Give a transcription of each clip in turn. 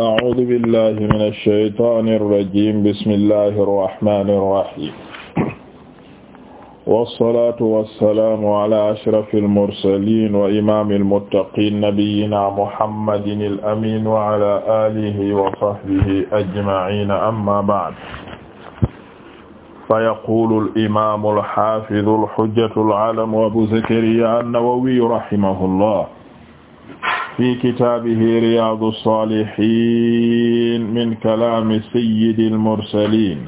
أعوذ بالله من الشيطان الرجيم بسم الله الرحمن الرحيم والصلاة والسلام على أشرف المرسلين وإمام المتقين نبينا محمد الأمين وعلى آله وصحبه أجمعين أما بعد فيقول الإمام الحافظ الحجة العالم أبو زكريا النووي رحمه الله fi kitaabihi riyaadu saalihiin min kalaami sayyidil mursaliin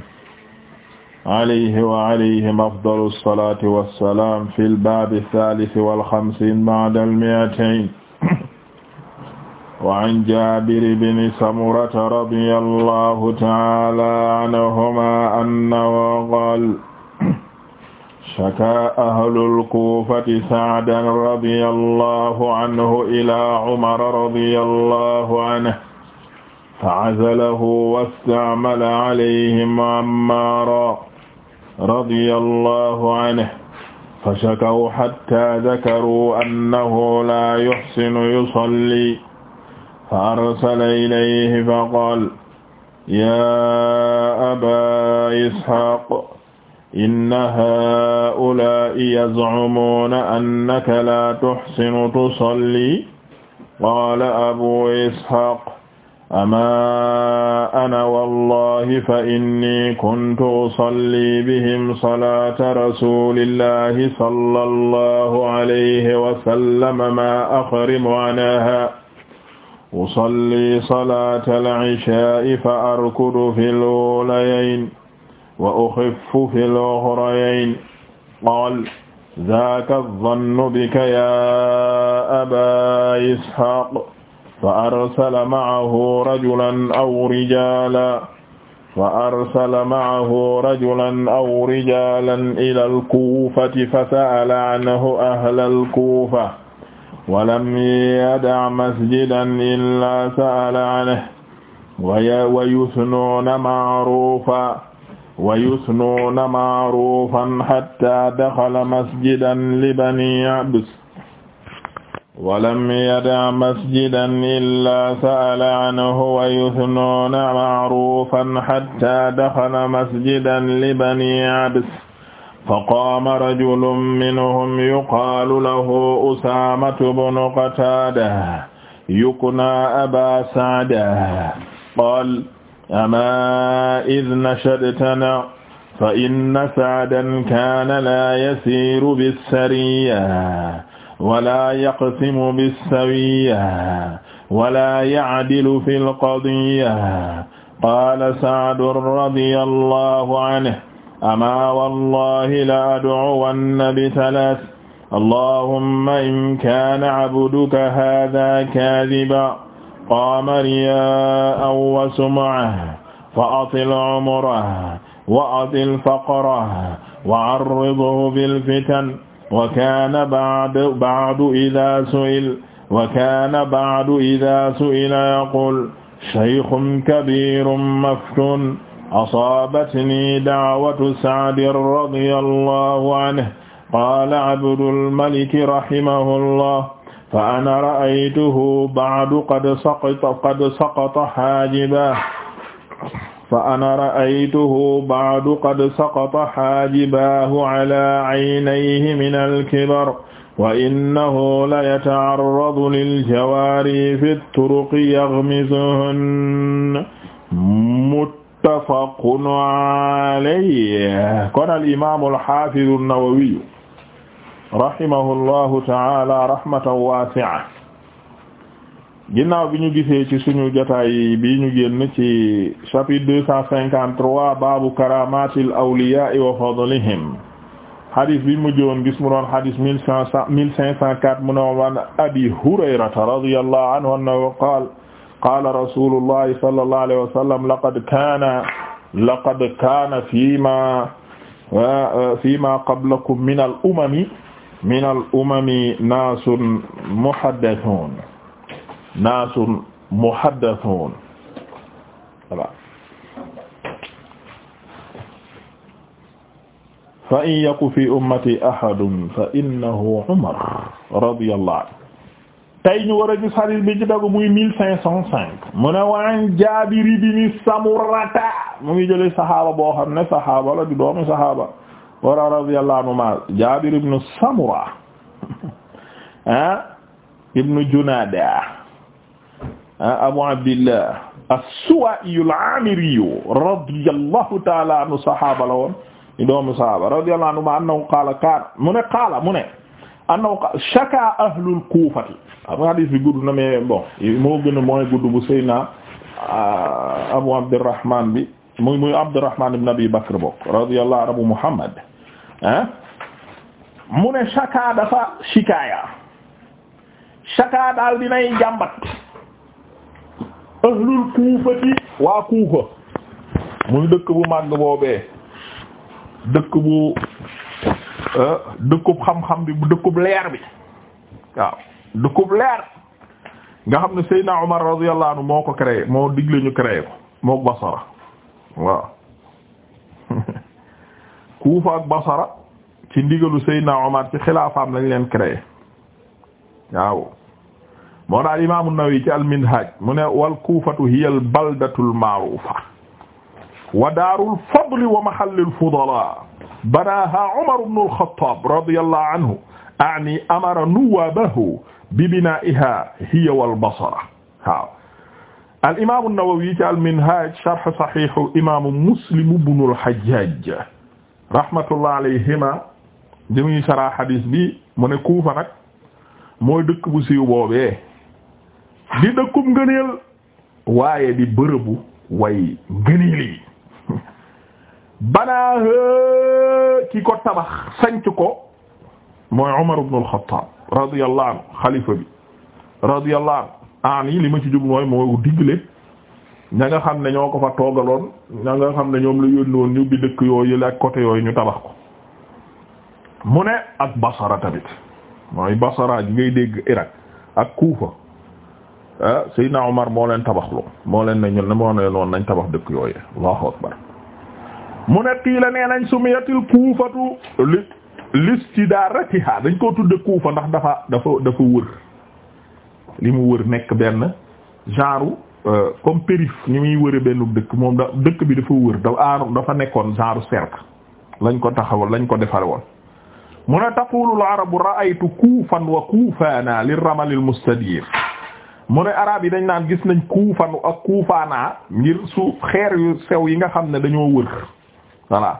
alayhi wa alayhim afdalu salaati wa salaam fil baabi saalisi wal xamsiin ba'dal mi'atayn wa an jaabir bin samurata radiyallaahu ta'aalaa anhumaa annahu qaala shaka ahlul kuufati sa'dan radiyallahu anhu ilaa umara radiyallahu anhu fa'azalahu wasta'mala alayhim ammaara radiyallahu anhu fashakaw hatta dakaruu annahu laa yuhsinu yusalli fa arsala ilayhi faqaala yaa abaa ishaaq inna haa'ulaa'i yaz'umuuna annaka laa tuhsinu tusalli qaala abu ishaaq amaa ana wallahi fa inni kuntu usalli bihim salaata rasuulillahi sallallahu alayhi wa sallam maa axrimu anhaa usalli salaata al-'ishaa'i fa arkudu fil uulayayn wa uxiffu fi l-uxrayn qaala zaaka az-zannu bika yaa abaa Isxaaq fa arsala ma'ahu rajulan aw rijaalan fa arsala ma'ahu rajulan aw rijaalan ilal kuufati fa sa'ala anhu ahlal kuufa walam yada' masjidan illaa sa'ala anhu wa yusnuuna ma'ruufan wa yusnuuna ma'ruufan hattaa daxala masjidan li banii abs wa lam yada' masjidan illaa sa'ala anhu wa yusnuuna ma'ruufan hattaa daxala masjidan li banii abs faqaama rajulun minhum yuqaalu lahu usaamatu bnu qataada yuknaa abaa sa'da qaala ama id nashadtana fa inna sa'dan kaana laa yasiiru bissariya wala yaqsimu bissawiya wala ya'dilu fil qadiya qaala sa'dun radiyallahu anhu ama wallahi la ad'uwanna bithalath allahumma in kaana abduka haadha kaadhiban qaama riyaa'an wa sum'atan fa atil umrahu wa atil faqrahu wa arridhu bil fitan wa kaana ba'du ba'du idhaa su'ila wa kaana ba'du idhaa su'ila yaqulu shaykhun kabiirun maftuun asaabatnii da'watu Sa'din radiyallaahu anhu qaala Abdul Malik rahimahullah fa ana ra'aytuhu ba'du qad saqata qad saqata haajiba fa ana ra'aytuhu ba'du qad saqata haajibahu ala aynayhi min al-kibar wa innahu la yata'arradu lil-jawaari fi at-turuqi yaghmizuhunna muttafaqun alayhi kon al-imaam al-haafiz an-Nawawi rahimahullahu taala rahmatan waasi'a ginnaaw bi ñu gisee ci suñu jotaay bi ñu génn ci chapitre deux cent cinquante-trois baabu karamatil awliyaa wa fadlihim xadis bi mu mujjoon gis mu doon xadis mille cinq cent mille cinq cent quatre mu ne waan abi hurayrata radiyallahu anhu annahu qaala qaala rasuulullahi sallallahu alayhi wa sallam laqad kaana laqad kaana fiimaa fiimaa qablakum minal umami min al umami naasun muhaddathun naasun muhaddathun voilà fa in yaku fi ummati ahadun fa innahu Umar radiyallahu anhu tey ñu war a gis hadith bi ci dagu muy mille cinq cent cinq mu ne waan Jaabir ibn Samurata mu ngi jële saxaaba boo xam ne saxaaba la di doomi saxaaba wara radiyallahu anhuma Jaabir ibn Samura ah ibn Junaada ah, Abu Abdillah as-Suwaa'i al-Aamiri radiyallahu ta'ala anhu sahaaba la woon i doomu sahaaba radiyallahu anhuma annahu qaala kaana mu ne qaala mu ne annahu qaala shaka ahlul Kuufati am hadiis bi gudd na mais bon moo gën a mooy gudd bu Seydina ah, Abu Abdurrahmaan bi muy muy Abdurrahmaan ibn Abi Bakr bokk radiyallahu anhu Muhammad ah mu ne shaka dafa shikaaya shaka daal dinay jàmbat ahlul kuufati waa kuufa muy dëkk bu màgg boobee dëkk bu eh, dëkkub xam-xam bi dëkkub leer bi waaw dëkkub leer nga xam ne Seydina Omar radiyallahu anhu moo ko créé moo digle ñu créé ko moo Basra waaw Kufa ak Basra ci ndigalu Seydina Omar ci xilaafaam lañ leen créé waaw moo daal Imaam An-Nawawi ci al-Minhaj mu ne wal Kuufatu hiya al-baldatul ma'ruufa wa daarul fadli wa mahallul fudalaa banaahaa Umar ibnul Xattaab radiyallaahu anhu a'ni amara nuwaabahu bi binaa'ihaa hiya wal Basra waaw al-Imaam An-Nawawi ci al-Minhaj sharh Sahiih Imaam Muslim ibnul Hajjaaj rahmatullah alayhima di muy saraa xadiis bi mu ne Kuufa nag mooy dëkk bu siiw boobee di dëkkub ngëneel waaye di bërëbu way ngëneel yi banaa ki ko tabax sanc ko mooy Umar ibn al-Khattab radiyallahu anhu xalifa an yi li ma ci jub mooy moo digle ña nga xam ne ñoo ko fa toogaloon ña nga xam ne ñoom la yónni woon ñu bi dëkk yooyu ak côté yooyu ñu tabax ko mu ne ak basara tamit mooy basara gi ngay dégg Irak ak Kuufa ah Seydina Omar moo leen tabaxloo moo leen ne ñun ne moo ne noonu nañ tabax dëkk yooyu Allahu akbar mu ne qiila nee nañ sumiyatil kuufatu li listidaratiha dañ koo tudde Kuufa ndax dafa dafa dafa wër li mu wër nekk benn genre Euh, comme périph ni muy wëre benn dëkk moom da dëkk bi dafa wër dafa aaru ah, dafa nekkoon genre cercle lañ ko taxawal lañ ko defare woon mu ne taqulu al arabu ra'aytu kuufan wa kuufaana li ramal mustadir mu ne arab yi dañ naan gis nañ kuufan ak kuufaana ngir su xeer yu sew yi nga xam ne dañoo wër voilà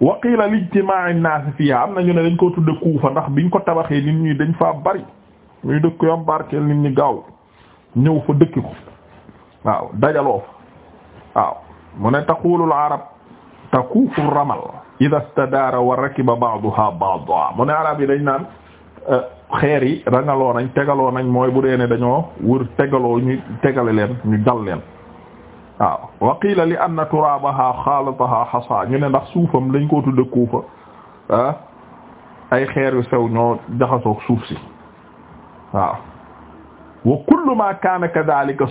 wa qiila li ijtimaa'i an-naas fiha am nañu ne dañ ko tudde kuufa ndax biñ ko tabaxee nit ñi dañ fa bari muy dëkk yom barkeel nit ñi gaaw ñëw dëkk waaw dajaloo waaw mu ne taqulul arab takuufu ramal ida stadaara wa rakiba ba'daha baax mu ne arab yi dañ naan euh, xeer yi rangaloo nañ tegaloo nañ mooy bu dee ne dañoo wër tegaloo ñu tegale leen ñu dal leen waaw wa qiila li anna turaabaha xaalataha xasa ñu ne ndax suufam lañ ko tudde kuufa ah ay xeer yu sew ñoo jaxasoog suuf si waaw wa kullu ma kaana kadhalika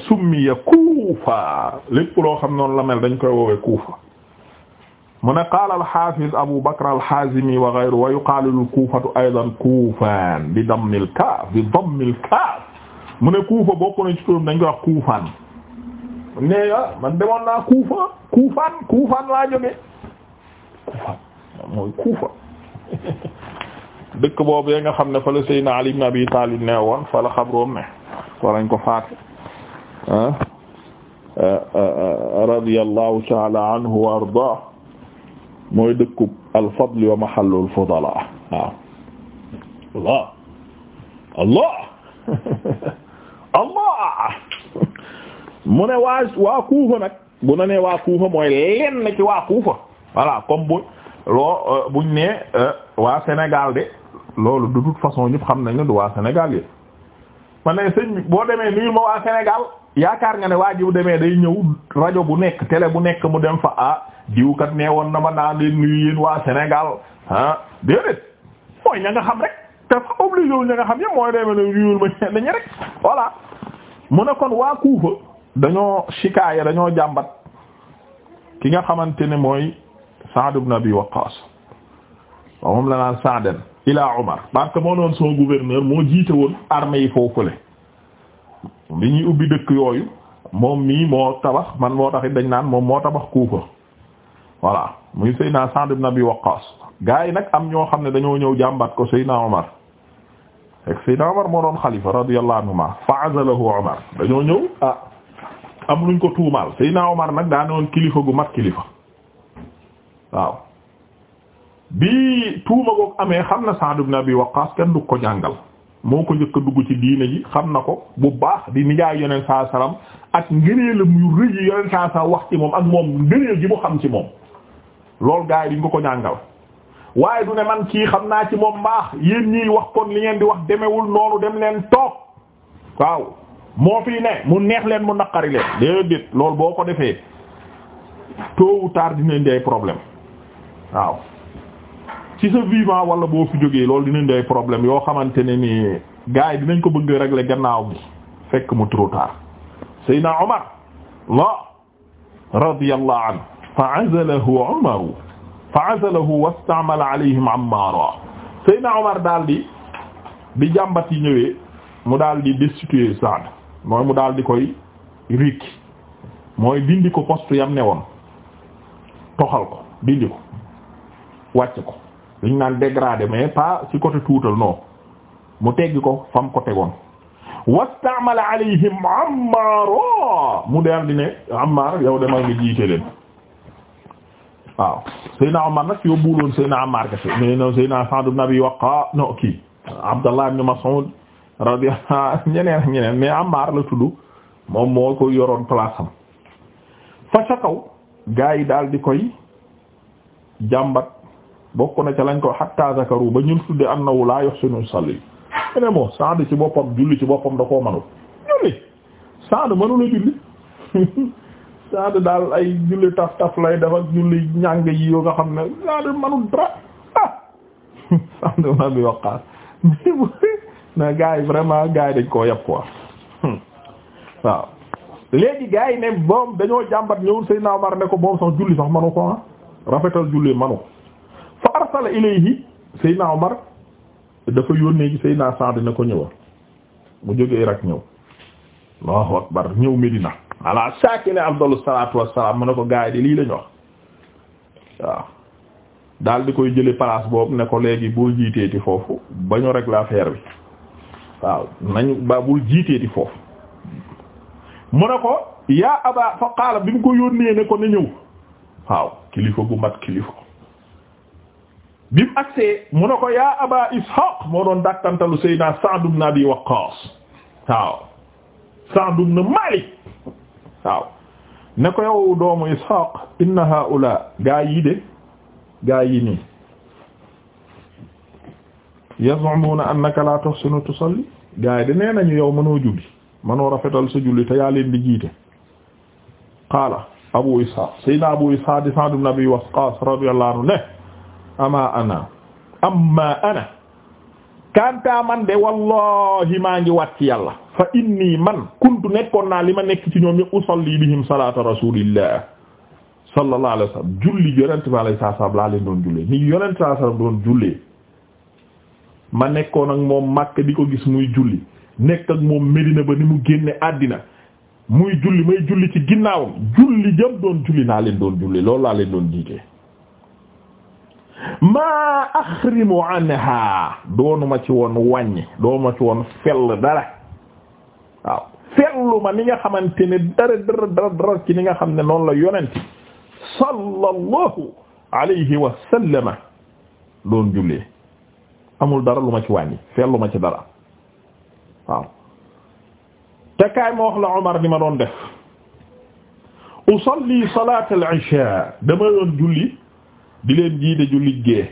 kuufa lépp loo xam noonu la mel dañ koy woowee kuufa mu ne qaala al-Haafiz Abu Bakr al-Haazimi wa ghayruhu wa yuqaalu al-Kuufatu bi dammil kaaf kaaf mu ne Kuufa bokk na ci turam dañ koy wax man demoon naa Kuufa Kuufaan Kuufaan laa jógee Kuufaan mooy Kuufa dëkk boobu nga xam ne fa la Ali ibn Abi Taalib ne woon fa la xabroom ne ko lañ ko faat ah, ah radiyallahu ta'ala anhu wa ardaah mooy dëkkub al-fadl wa mahallul fudalaa waaw Allah Allah Allah mu ne waa waa Kuufa nag bu na nee waa Kuufa mooy lenn ci waa Kuufa voilà comme bu loo euh, buñ ne euh, waa Sénégal de loolu de toute façon ñëpp xam nañu du waa Sénégal yi ma ne sëñ boo demee nuyu ma waa Sénégal yaakaar nga ne waa ji demee day ñëw rajo bu nekk télé bu nekk mu dem fa ah diw kat nee woon na ma naa leen nuyu yéen waa Sénégal ah mooy ña nga xam rek te fa obligé wu ña xam yëpp mooy demee ne nuyul ma ñenn ñi rek voilà mu ne kon waa Kuufa dañoo shikaaya dañoo jàmbat ki nga xamante ne mooy Sa'd ibn Abi Waqqas moom la naan Sa'den ilaa Umar parce que moo noon son gouverneur moo jiite woon armée yi foofule li ñuy ubbi dëkk yooyu moom mii moo tabax man moo taxit dañ naan moom moo tabax Kuufa voilà muy Seydina Sa'd ibn Abi Waqqas gaa yi nag am ñoo xam ne dañoo ñëw jàmbat ko Seydina Omar fekk Seydina moo doon xalifa radiyallahu anhuma fa'azalahu Omar dañoo ñëw ah am luñ ko tuumaal Seydina Omar nag daa ne woon kilifa gu mat kilifa waaw bi tuuma goog amee xam na Sa'd bi wax Waqqas kenn du ko jàngal moo ko njëkk dugg ci diine ji xam na ko bu baax di nijaay yoneen saa salaam ak ngëneelam yu rëy yi yoneen saa salaam wax ci moom ak moom ngëneel ji mu xam ci moom loolu gars yi diñ ko ko waaye du ne man kii xam naa ci moom mbaax yéen ñiy wax kon li ngeen di wax demewul noonu dem leen toog waaw moo fii ne mu neex leen mu naqari leen déedéet loolu boo ko defee tôt ou tard dinañ di ay problème waaw ci sa vivant wala boo fi jógee loolu dinañ day problème yoo xamante ne ni gars yi dinañ ko bëggee a régler gannaaw bi fekk mu trop tard Seydina Omar la radiyallahu anhu fa azalahu Omar fa azalahu wastaamala alayhim Ammaara Seydina Omar daal di bi jàmbat yi ñëwee mu daal di destituer Saad mooy mu daal di koy riik mooy dindi ko poste yam ne woon toxal ko dindi ko wàcc ko li naan dégradé mais pas ci côté tuutal non mu teggi ko fam ko tegoon wastaamala alayhim ammaaro mu der di ne ammaar yow demal nga jiite leen waaw Seydina Omar nag yóbbuwuloon Seydina Ammaar kese mais non Seydina Sa'd ibn Abi Waqqaas no kii Abdallah ibn Mas'ud radiyallahu ñeneen ñeneen mais Ammaar la tudd moom moo ko yoroon place fa ca kaw gaa daal di koy jàmbat bokk na ca lañ ko hatta zakaru ba ñun tudde annahu la yuhsinu yusalli mene moo Saad ci boppam julli ci boppam da koo manul julli Saad daal ay julli taf taf lay def ak julli ñàng yi yoo nga xam ne Saad manul dara ah Saad ma bi waqaas na gars yi vraiment gars dañ koo yab quoi waaw léegi gars yi ne moom dañoo jàmbat ñëwul naa Omar ne ko moom sax julli sax manu ko ah rafetal julli manu ko fa arsala ilayhi Seydina Omar dafa yónnee ci Seydina Saad ne ko ñëwal mu jógee Irak ñëw Allahu akbar ñëw Medina ala saakine afdalu salaatu wassalaam mu ne ko gaay di lii lañu wax waaw daal di koy jële place boobu ne ko léegi bul jiiteeti foofu bañu rek la affaire bi waaw nañu ba bul jiiteeti foofu mu ne ko yaa aba fa bi mu ko yónnee ne ko na ñëw waaw kilifa gu mat kilifa bi mu agsee mu ne ko yaa aba ishaq moo doon dàkkantalu sayyidina Sa'd ibn Abi Waqqas waaw Sa'd Malik waaw ne ko yow doomu ishaq inna haula yi de gaa yi nii yaz'umuna annaka la tuhsinu tusalli gaa de nee nañu yow mënoo julli mënoo rafetal sa julli te yaa leen jiite qaala abu ishaq sayyidina abu ishaq di Sa'd ibn Abi Waqqas radiyallahu anhu ne ama ana amma ana kanta man de wallahi maa ngi wat ci yàlla fa inni man kuntu nekkoon naa li ma nekk ci ñoom yëpp usalli bihim salata rasulillah sallallahu alayhi wasallam julli yonente bi alayhi salaam laa leen doon jullee ni yonente bi sallam doon jullee ma nekkoon ak moom Makka di ko gis muy julli nekk ak moom Medina ba ni mu génne àddina muy julli may julli ci ginnaawam julli jëm doon julli naa leen doon julli loolu laa leen doon jiitee maa axrimu anha doonuma ci woon wàññi doonuma ci woon fell dara waaw fellu ma ni nga xamante ne dara dara dara dara ci ni nga xam ne noonu la yonenti sallallahu alayhi wa sallama doon jullee amul dara lu ma ci wàññi fellu ma ci dara waaw te kaay ma wax la Umar ni ma doon def usalli salaat al-isha dama doon julli di leen jiite ju liggéey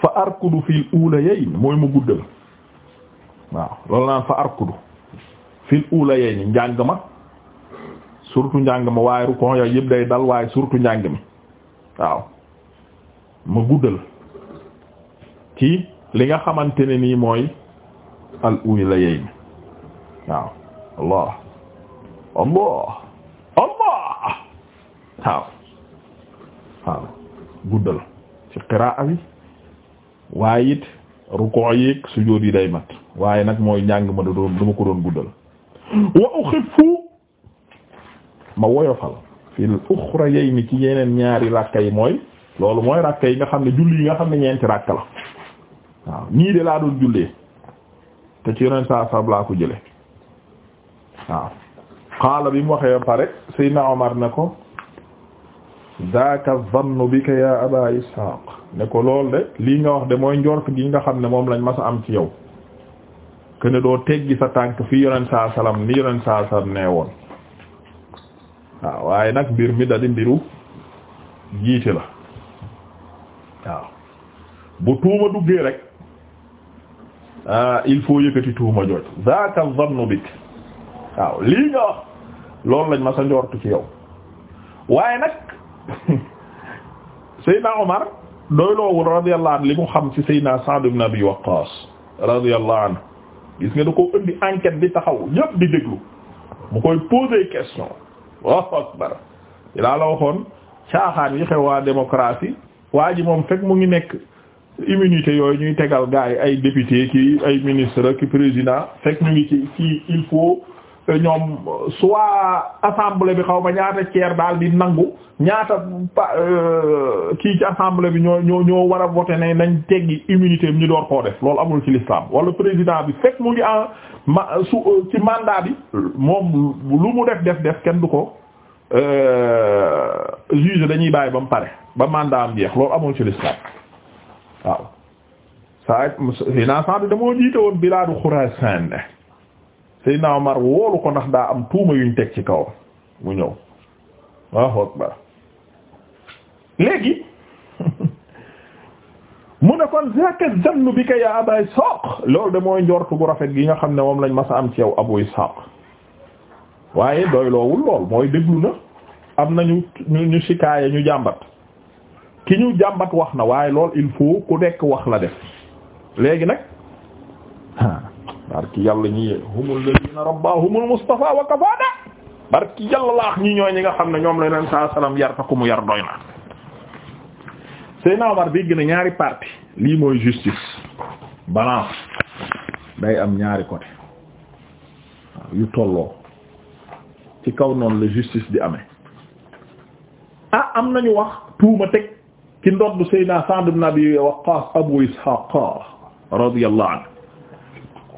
fa arkudu fil ulayayn mooy mu guddal waaw loolu naan fa arkudu fil ulayayn njàng ma surtout njàng ma waaye rukon yooyu yëpp day dal waaye surtout njàng mi waaw ma guddal ci li nga xamante ne nii mooy al ulayayn waaw allah allah allah waaw guddal ci qiraa bi waaye it ruku yeeg sujóot yi day mat waaye nag mooy njàng ma da doon dama ko doon guddal wa uxifu ma woyofal fil uxrayayni ci yeneen ñaari ràkka yi mooy loolu mooy ràkka yi nga xam ne julli yi nga xam ne ñeenti ràkka la waaw nii de laa doon jullee te ci yeneen saa sab laa ko jële waaw xaala bi mu waxee pare Seydina Omar ne ko daaka zannu bika ya aba ishaq ne ko lool de lii nga wax de mooy njort gi nga xam ne moom lañ mas a am ci yow kene doo teggi sa tànk fi yonent saa salaam ni yonent saa salaam woon waaw waaye nag mbir mi da mbiru jiite la waaw bu tuuma duggee rek ah, il faut yëkkati tuuma jooj zaaka zannu bik waaw lii nga wax loolu lañ ma sa njort ci yow waaye nag Seydina Omar doyloowul radiyallahu anhu li mu xam ci Seydina Sa'd ibn Abi Waqqas radiyallahu anhu gis nga da ko indi enquête bi taxaw ñëpp di déglu mu koy poser question waa démocratie waa ji moom fekk mu ngi nekk immunité yooyu ñuy tegal gars yi ay député ki ay ministre ki président fekk ñu ngi ci ci il faut ñoom soit assemblée bi xaw ma ñaata tiers daal di nangu ñaata euh, kii ci assemblée bi ñoo ñoo ñoo war a voté ne nañ teggi immunité bi ñu door xoo def loolu amul ci l'islam wala président bi fekk mu ngi en ma su euh, ci mandat bi moom lu mu def def def kenn du ko euh, juge dañuy bàyyi ba mu pare ba mandat am jeex loolu amul ci l'islam waaw. saa finance bi damoo jiite woon bilaadu Xuraasaan Seydina Omar woolu ko ndax daa am tuuma yuñ teg ci kawam mu ñëw léegi mu ne kon zaka zannu bi ka yaa Aba Isaaq de mooy njortu gu rafet gi nga xam ne moom lañ ma a am ci yow Abu waaye doy lool mooy déglu na am nañu ñu ñu sikaaya ñu jàmbat ki ñu jàmbat wax na waaye lool il faut ku nekk wax la def léegi nag barki yàlla ñi humul ladina rabbahumul mustafa ñi ñooy ñi nga xam ne ñoom la neen saa salaam yar ko mu yar doy na Seydina Omar dégg na ñaari parti lii mooy justice balance day am ñaari côté yu tolloo ci kaw noonu la justice di amee ah am nañu wax tuuma teg ci ndodd Seydina Sa'd Abi Waqqas Abu Ishaq radiyallahu anhu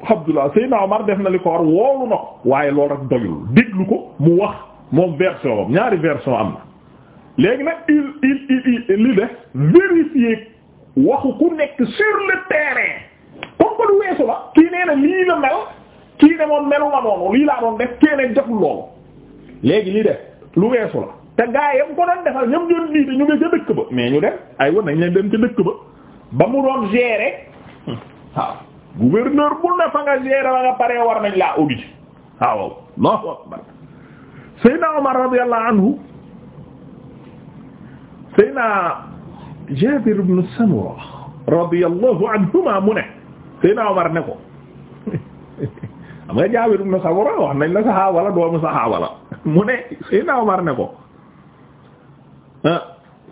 Abdullah Seydina Omar def na li ko war woolu na ko waaye loolu rek doyul déglu ko mu wax moom version boobu ñaari version am na léegi nag il il il li def vérifier waxu ku nekk sur le terrain comme que lu weesu la kii nee na lii la mel kii ne moom melu ma noonu lii laa doon def kii ne deful loolu léegi li def lu weesu la te gaa yam ko doon defal ñoom ñoon lii de ñu ngi ca dëkk ba mais ñu dem ay war nañ leen dem ca dëkk ba ba mu doon gérer waaw gouverneur bu ne fa nga gérer la nga paree war nañ laa auditer ah, waaw Allahu akbar Seydina Omar radiyallahu anhu Seydina Jabir ibn Samura radiyallahu anhuma mu ne Seydina Omar ne ko xam nga Jabir ibn Samura wax nañ la saxaaba la doomu saxaaba la mu ne Seydina Omar ne ko ah,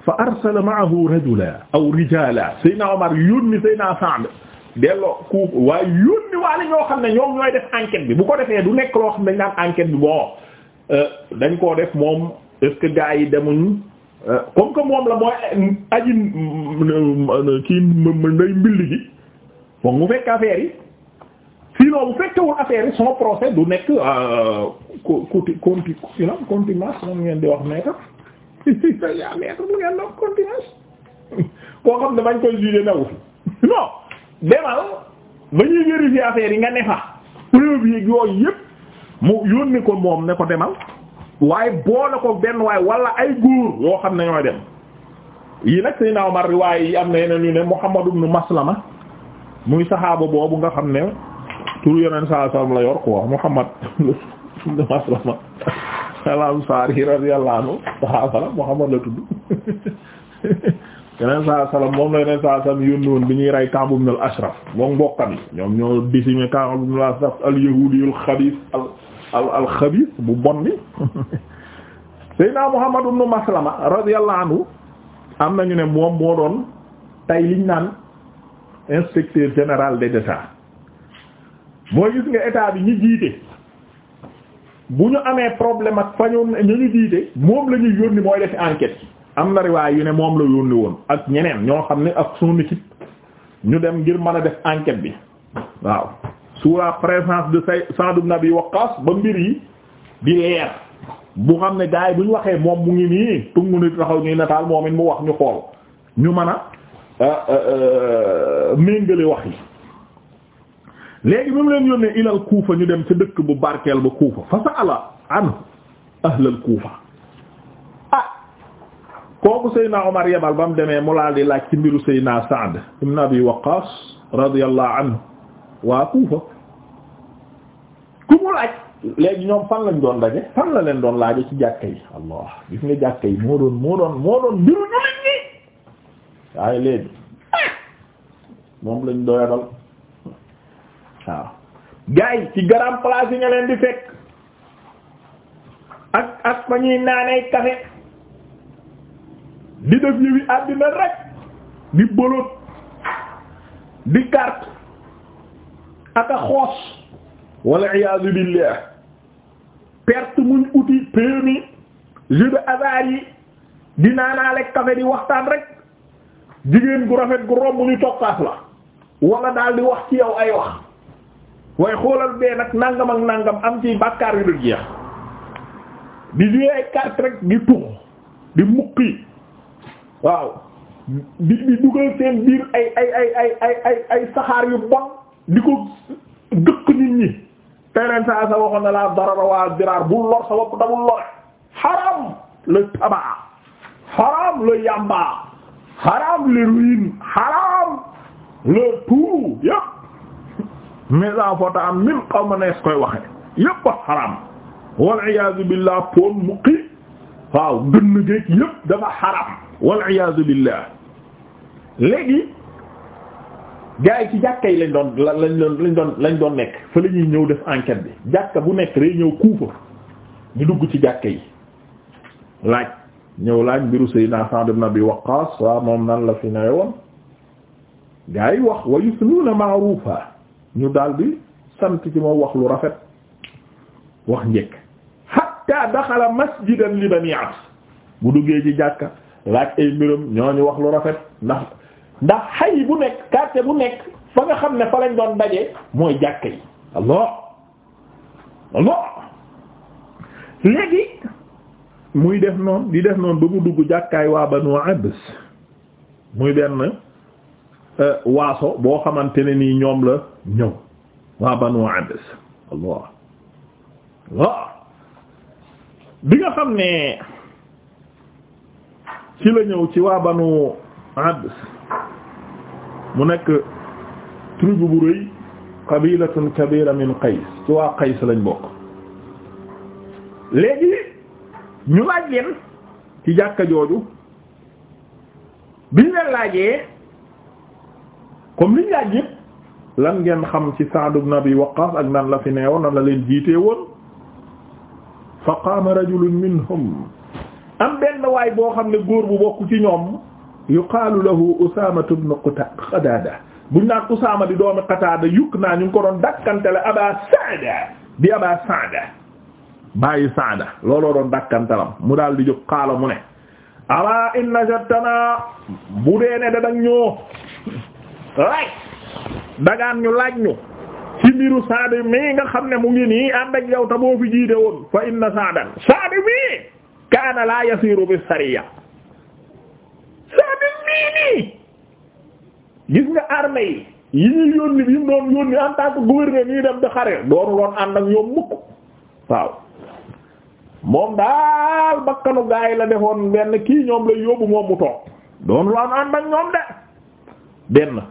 fa arsala ma'ahu rajulan aw rijalan Seydina Omar yónni Seydina Sa'd delloo ku waaye yónni waale ñoo xam ne ñoom ñooy def enquête bi bu ko defee du nekk loo xam ne dañ naan enquête bi bon euh, dañ koo def moom est yi demuñ euh, comme moom la mooy aji euh, kii mu fekk affaire affaire yi son procès du nekk côté conti sino ngeen di wax maître yaa koy jugé nawu fi non demal ba ñuy vérifier affaire yi nga ne fa yooyu yëpp mu yónni ko moom ne ko demal waaye boole ko benn waaye wala ay góor yoo xam ne ñooy dem yi nag Seydina Omar riwaay yi am na yeneen yu ne Muhammad ibn Maslama muy saxaaba boobu nga xam ne turu yeneen saa sallam la yor quoi Muhammad ibn Maslama al-Ansari radiyallahu anhu saxaaba la Muhammad la tudd yeneen saa salaam moom la yeneen saa salaam yónni woon bi ñuy rey Ka'b ibn al-Ashraf moom mbokkam yi ñoom ñoo décimé Ka'b ibn ashraf al-yahudi al-khabith bu bon bi Seydina Muhammad ibn Maslama radiyallahu anhu am nañu ne moom moo doon tey liñ naan inspecteur général des États mooy gis nga état bi ñu jiite bu ñu amee problème ak fa ñu ñu jiite moom la ñuy yónni mooy def enquête. am na riwaay yu ne moom la yónni woon ak ñeneen ñoo xam ne ak son équipe ñu dem ngir mën a def enquête bi waaw sous la présence de say Sa'd ibn Abi Waqqas ba mbir yi di leer bu xam ne gars yi bu ñu waxee moom mu ngi nii tungu nit taxaw ñuy nataal moom it mu wax ñu xool ñu mën a euh, euh, méngale wax yi léegi ba mu leen yónnee ilal Kuufa ñu dem ca dëkk bu barkeel ba Kuufa fa sa'ala an ahlal Kuufa kooku Seydina Omar yebal ba mu demee mu laal di laaj ci mbiru Seydina Saad ibn Abi Waqqas radiyallahu anhu waa Kuufa ku mu laaj léegi ñoom fan lañ doon daje fan la leen doon laaje ci jàkka yi allah gis nga jàkka yi moo doon moo doon moo doon mbiru ñu nit ñi waaye léegi ah, moom lañ doyadal waaw gars ci grand place yi nga leen di fekk ak ak ba ñuy di def yëwi àddina rek di bëloot di carte ak a xoos walla iyaazu billah perte muñ uti permis jeu de hasard yi di naanaale café di waxtaan rek jigéen gu rafet gu romb ñu tokkaas la wala daal di wax ci yow ay wax waaye xoolal bee nag nangam ak nangam am ci bàkkaar yu dul jeex di jouer ay carte rek di tux di mukki waaw di di dugal seen biir ay ay ay saxaar yu bon di ko dëkk nit ñi tereen sa sa waxoon na laa darara waa diraar bu lor sa bopp damul haram le tabac haram le yamba haram l'héroïne haram le tout yépp mais en faut mil koy waxe yépp a haram wal iyaazu billah pon muqi waaw gënn géeg yépp dafa haram wal iyaazu billah léegi gars yi ci jàkka yi lañ doon lañ doon lañ doon lañ doon nekk fa la ñuy ñëw def enquête bi jàkka bu nekk rek ñëw kuufa ñu dugg ci jàkka yi laaj ñëw laaj mbiru Seydina na bi Abi Waqqas waaw moom nan la fi na woon gars yi wax wa yusnuuna ma'rufa ñu daal bi sant ci moom wax lu rafet wax njëkk hatta daxala masjidan li Bani Abs bu duggee ci jàkka laaj ay ñoo ñooñu wax lu rafet ndax ndax xay bu nekk quartier bu nekk fa nga xam ne fa lañ doon dajee mooy jàkk yi allah allah léegi muy def noonu di def noonu ba mu dugg jàkkaay waa Banu Abs muy benn euh, waaso boo xamante ne nii ñoom la ñëw waa Banu Abs allah allah bi nga xam ne ci la ñëw ci waa banu Abs mu nekk tribu bu rëy qabilatun kabira min Qays ci waa Qays lañ bokk léegi ñu laaj ci jàkka jooju biñ leen laajee comme liñ laaj yëpp lan ngeen xam ci Sa'd ibn Abi Waqqas ak nan la fi neewoon nan leen jiitee woon fa qaama rajulun minhum am benn waay boo xam ne góor bu bokk ci ñoom yuqaalu lahu Usaama ibn Qataada buñ naan Usaama di doomi Qataada yukk naa ñu ngi ko doon dakkantele Aba Saada di Aba Saada bàyyi Saada looloo doon dakkantelam mu daal di jóg qaala mu ne ala inna jattana bu dee ne da dang ñoo laaj dagaan ñu laaj ñu ci mbiru Saada mii nga xam ne mu ngi nii ànd ak ta boo fi jiite woon fa inna Saadan Saada mii kaana laa yasiru bi sariya saa bi mii gis nga armée yi yi ñuy yónni yi mu doon yónni en tant que gouverneur dem di xare doonu loon ànd ak ñoom mukk waaw moom daal bakkanu gaa yi la defoon benn kii ñoom la yóbbu moom mu toog doonu loon ànd ak ñoom de benn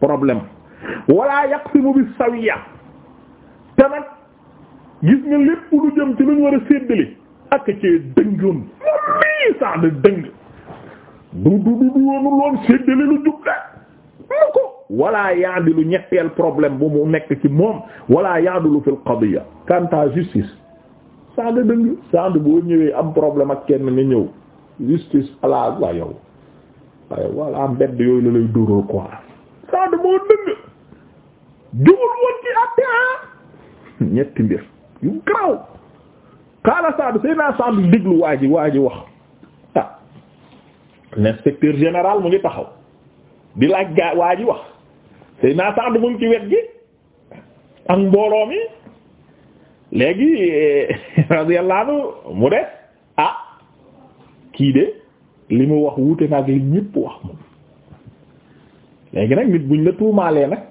problème wala yaqsimu bi sawiya te nag gis nga lépp lu jëm ci luñ ñu war a séddale ak cee dëngoon moom mii sax da dëng du du du du woonu loon séddale lu jub la ko wala yaadilu ñetteel problème bu mu nekk ci moom wala yaadilu fil qadiya quant à justice sax dëng sax boo ñëwee am problème ak kenn nga ñëw justice ala la yow waaye mbedd yooyu la lay dóoral quoi sax da moo dëng jugul woon ci atte ah. ñetti mbir yu graw xaala Saad Seydina Saad diglu waa ji waa ji wax ah l'inspecteur général mu ngi taxaw di laaj gaa waa ji wax Seydina Saad mu ngi ci wet gi ak mbooloo mi léegi eh, radiyallahu anhu mu def ah kii de li mu wax wuute nag li ñépp wax moom léegi nag nit buñ la tuumaalee nag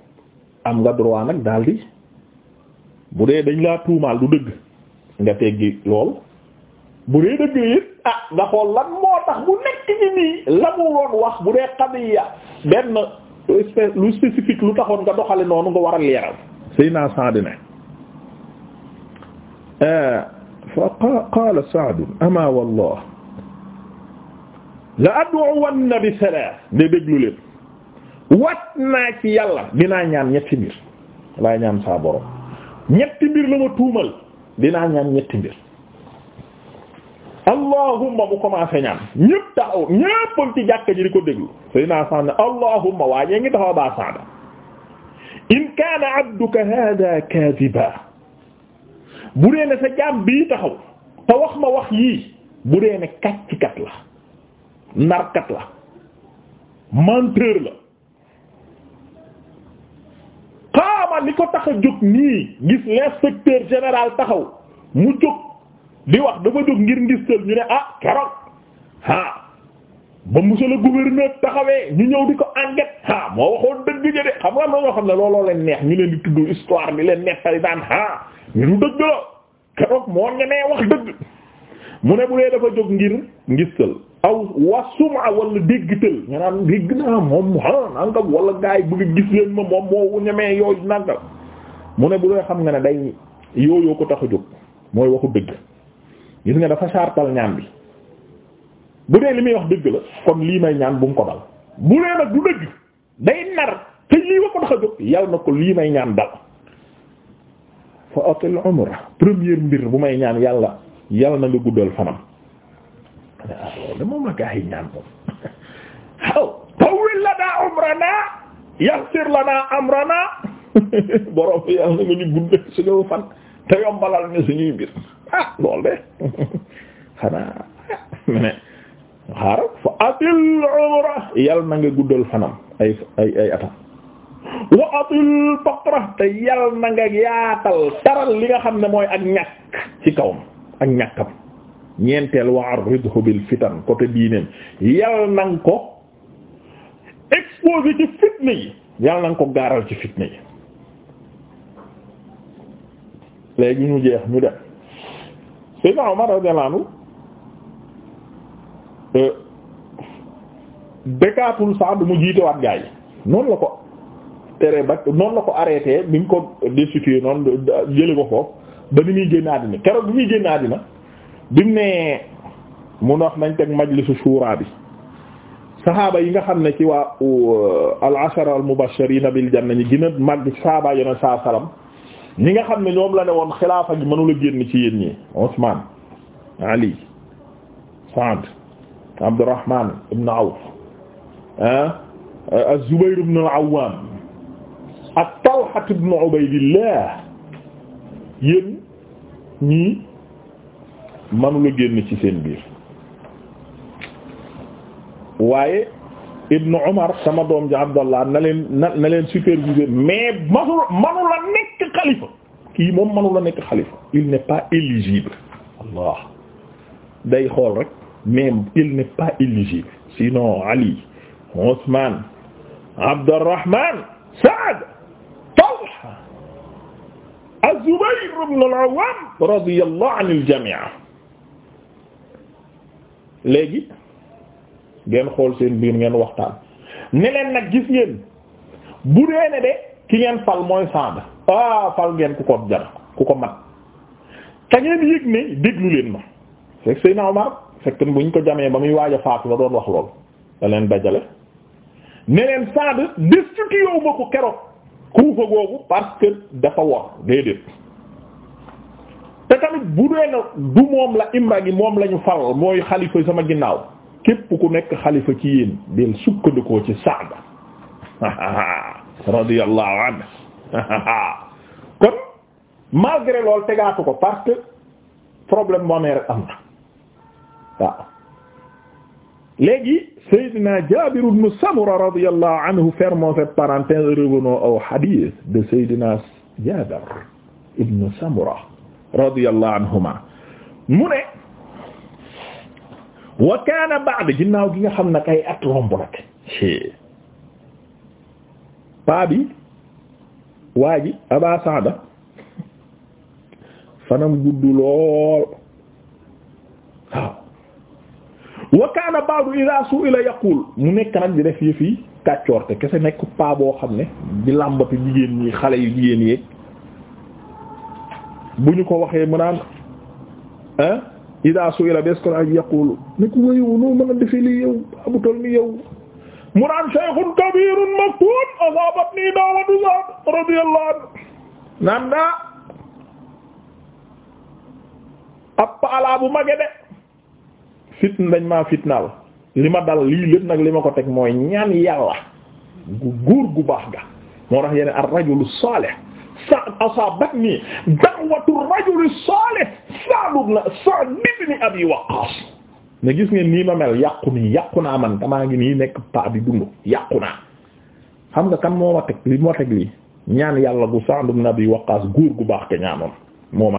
am nga droit nag daldi bu dee dañ laa tuumaal du dëgg nga teggi lool bu dee dëgg yi ah nga xool lan moo tax bu nekk ci nii la mu wax bu dee xadiya benn lu spécifique lu taxoon nga doxale noonu nga war a leeral sëy naa Saad ne ah, fa qaala Saad wallah la ad'uwanna bi thalath de déglu leen wat naa ci yàlla dinaa ñaan ñetti mbir laa ñaan saa borom ñetti mbir la ma tuumal dinaa ñaan ñetti mbir allahumma mu commencé ñaan ñépp taxaw ñéppam ci jàkka ji di ko déglu sëy naa sann allahumma waa ñee ngi taxaw baa sanna in kaana abduka hada kadiba bu dee ne sa jaam bii taxaw te wax ma wax yii bu dee ne kàccikat la narkat la menteur la xaama li ko tax a jóg nii gis l'inspecteur général taxaw mu jóg di wax dafa jóg ngir ngistal ñu ne ah keroog ah ba monsieur le gouverneur taxawee ñu ñëw di ko enquête ah moo waxoon dëgg de xam nga ñoo xam ne looloo leen neex ñu leen di tudd histoire ni leen neex neexali daan ah ñu du dëgg la keroog moo ñemee wax dëgg mu ne bu dee dafa jóg ngir ngistal aw wa suma wala déggtal nga naan dégg naa moom a nangam wala gaa yi bëgg gis leen ma moom moo ñemee yooyu nangam mu ne bu dee xam nga ne day yooyoo ko tax a jóg mooy waxu dëgg gis nga dafa sartal ñaan bi bu dee li muy wax dégg la kon lii may ñaan bu mu ko dal bu dee nag du dëgg day nar te lii wa ko tax a jóg yal na ko lii may ñaan dal fa atil umra première mbir bu may ñaan yàlla yàlla na nga guddal fanam loolu de moom la gaa yi ñaan moom tawil lanaa umranaa yassir lanaa amranaa borom yàlla nga ñu gudd suñu fan te yombalal ñu suñuy mbir ah de xanaa mu ne xaaral fa atil umra yàlla na nga guddal fanam li nga xam ne mooy ak ñàkk ci kawam ak ñàkkam ñeenteel wa arridhu bil fitan côté diineem yal na nga ko exposé ci fitna yi yal na ko gaaral ci fitna yi léegi ñu jeex ñu dem Seydina Omar radiyallahu anhu euh, dekaatul Saad mu jiite waat gaa yi noonu la ko tere ba noonu la ko arrêté bi mu ko destitué noonu jële ko foofu ba ni muy génn àddina keroog bi muy génn àddina bi mu mun wax nañ teg majlisu shura bi saxaaba yi nga xam ne ci waa uh, al ashara al mubashirina bil janna ñi gën a màgg saxaaba ñi nga xam ne ñoom la ne woon xilaafa gi mënula génn ci yéen ñi Usman Ali Saad Abdurrahman Awf ah, uh, az-Zubayr ibn al-Awwam ak Talha ibn Ubaydillah yéen ñii manula génn ci seen biir waaye ibnu Umar sama doom ji Abdallah na leen na na leen superviser mais manu manula nekk xalifa kii moom manula nekk il n'est pas éligible Allah day xool rek mais il n'est pas éligible sinon Ali Ousmane Abdurrahman Saad Talha Az-Zubayr ibn al-Awwam radiyallahu anil jami'a léegi ngeen xool seen biir ngeen waxtaan ne leen nag gis ngeen bu dee ne de ki ngeen fal mooy Saad ah fal ngeen ku ko jar ku ko mat te ngeen yëg ne déglu leen ma fekk Seydina Omar fekk buñ ko jamee ba muy waaj a faatu la doon wax lool da leen dajale ne leen Saad destitué wu ma ko keroog kuufa googu parce que dafa war déedéet. te tamit bu dee na du moom la imra gi moom la ñu mooy xalifa sama ginnaaw képp ku nekk xalifa ci yéen del sukkandikoo ci Sa'd radiyallahu anhu kon malgré loolu tegaatu ko parce que problème moo amee rek am na waaw léegi Seydina Jaabir ibn Samura radiyallahu anhu fermons cette parenthèse revenons au de Seydina Jaabir ibn Samura radiyallahu anhuma mu ne wa kaana ba'd ginnaaw gi nga xam ne ay at romb nag paa bi waa ji Saada fanam gudd lool waaw wa kaana ba'd idha su'ila yaqul mu nekk nag di def yëf yi kàccoor te kese nekk paa boo xam ne di làmbatu jigéen ñi xale yu jigéen yeeg bu ñu ko waxee mu naan ah ida su'ila bi iskon ak yaqulu ni ko wéyow noo mën lii yow abu tol mi yow mu naan shaykhun kabirun maktun asabat nii daawatu sad radiyallahu anhu naan daa ab paalaa bu mage de fitn dañ maa fitnaal li ma dal lii lépp nag li ma ko teg mooy ñaan yàlla gu góor gu baax ga moo tax yene ar rajulu salih Sa'd asaabatnii da'watu rajuli saalih Sa'd ibn Abi Waqqaas gis ngeen nii ma mel yàqu nii yàqu naa man damaa ngi nii nekk paa di dund yàqu naa xam nga kan moo ma teg li moo teg lii ñaan yàlla gu Sa'd ibn Abi Waqqaas gu baax ke ñaanoon moo ma